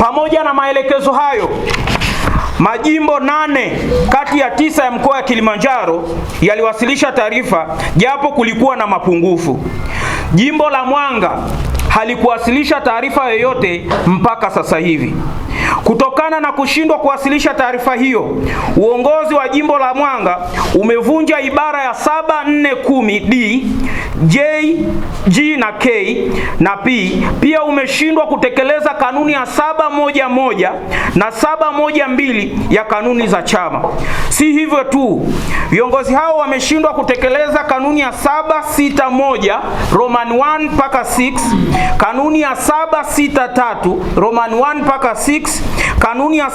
Pamoja na maelekezo hayo, majimbo nane kati ya tisa ya mkoa wa Kilimanjaro yaliwasilisha taarifa, japo kulikuwa na mapungufu. Jimbo la Mwanga halikuwasilisha taarifa yoyote mpaka sasa hivi. Kutokana na kushindwa kuwasilisha taarifa hiyo, uongozi wa jimbo la Mwanga umevunja ibara ya 7410D J, G na K na P pia umeshindwa kutekeleza kanuni ya saba moja moja na saba moja mbili ya kanuni za chama. Si hivyo tu, viongozi hao wameshindwa kutekeleza kanuni ya moja Roman 1 mpaka 6, kanuni ya saba tatu Roman 1 mpaka 6, kanuni ya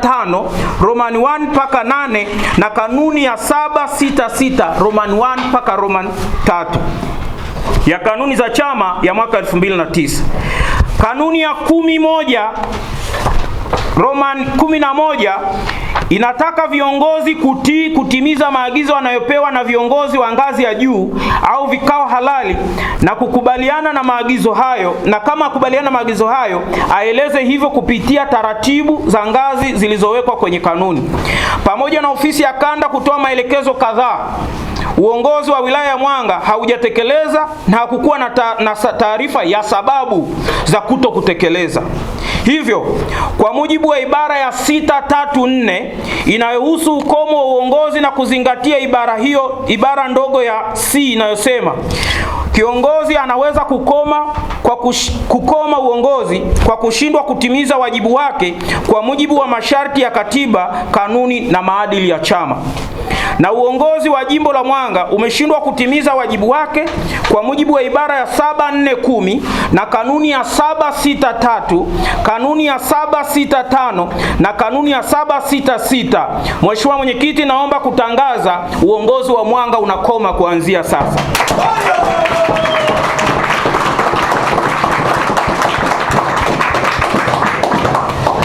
tano Roman 1 mpaka 8 na kanuni ya saba sita sita Roman 1 mpaka Roman tatu ya kanuni za chama ya mwaka 2009. Kanuni ya kumi moja Roman 11 inataka viongozi kutii kutimiza maagizo wanayopewa na viongozi wa ngazi ya juu au vikao halali na kukubaliana na maagizo hayo, na kama akubaliana na maagizo hayo aeleze hivyo kupitia taratibu za ngazi zilizowekwa kwenye kanuni, pamoja na ofisi ya kanda kutoa maelekezo kadhaa. Uongozi wa wilaya ya Mwanga haujatekeleza na hakukuwa na taarifa ya sababu za kuto kutekeleza. Hivyo, kwa mujibu wa ibara ya nne inayohusu ukomo wa uongozi na kuzingatia ibara hiyo, ibara ndogo ya C inayosema kiongozi anaweza kukoma kwa kush, kukoma uongozi kwa kushindwa kutimiza wajibu wake kwa mujibu wa masharti ya katiba, kanuni na maadili ya chama. Na uongozi wa jimbo la Mwanga umeshindwa kutimiza wajibu wake kwa mujibu wa ibara ya kumi na kanuni ya tatu kanuni ya 765 na kanuni ya 766. Mheshimiwa Mwenyekiti, naomba kutangaza uongozi wa Mwanga unakoma kuanzia sasa.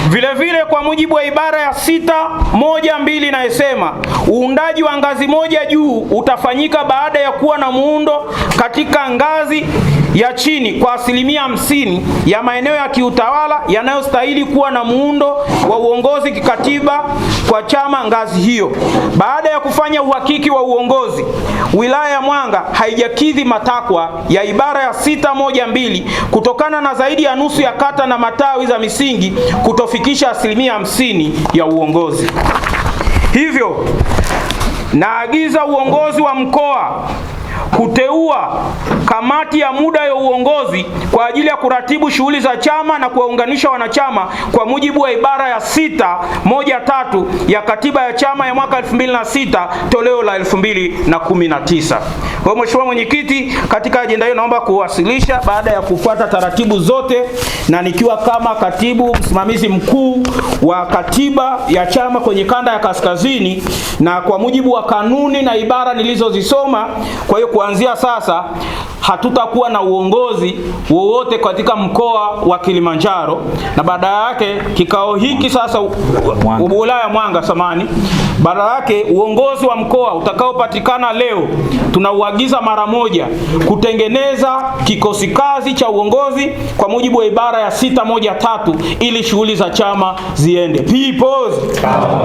Vile vile kwa mujibu wa ibara ya sita moja mbili inayosema uundaji wa ngazi moja juu utafanyika baada ya kuwa na muundo katika ngazi ya chini kwa asilimia hamsini ya maeneo ya kiutawala yanayostahili kuwa na muundo wa uongozi kikatiba kwa chama ngazi hiyo. Baada ya kufanya uhakiki wa uongozi wilaya ya Mwanga haijakidhi matakwa ya ibara ya sita moja mbili kutokana na zaidi ya nusu ya kata na matawi za misingi kutofikisha asilimia hamsini ya uongozi. Hivyo naagiza uongozi wa mkoa kuteua kamati ya muda ya uongozi kwa ajili ya kuratibu shughuli za chama na kuwaunganisha wanachama kwa mujibu wa ibara ya sita moja tatu ya katiba ya chama ya mwaka 2006 toleo la 2019. Kwa hiyo Mheshimiwa Mwenyekiti, katika ajenda hiyo naomba kuwasilisha baada ya kufuata taratibu zote na nikiwa kama katibu msimamizi mkuu wa katiba ya chama kwenye kanda ya kaskazini na kwa mujibu wa kanuni na ibara nilizozisoma. Kwa hiyo hiyo kuanzia sasa hatutakuwa na uongozi wowote katika mkoa wa Kilimanjaro, na baada yake kikao hiki sasa wilaya Mwanga samani, baada yake uongozi wa mkoa utakaopatikana leo tunauagiza mara moja kutengeneza kikosi kazi cha uongozi kwa mujibu wa ibara ya sita moja tatu ili shughuli za chama ziende People.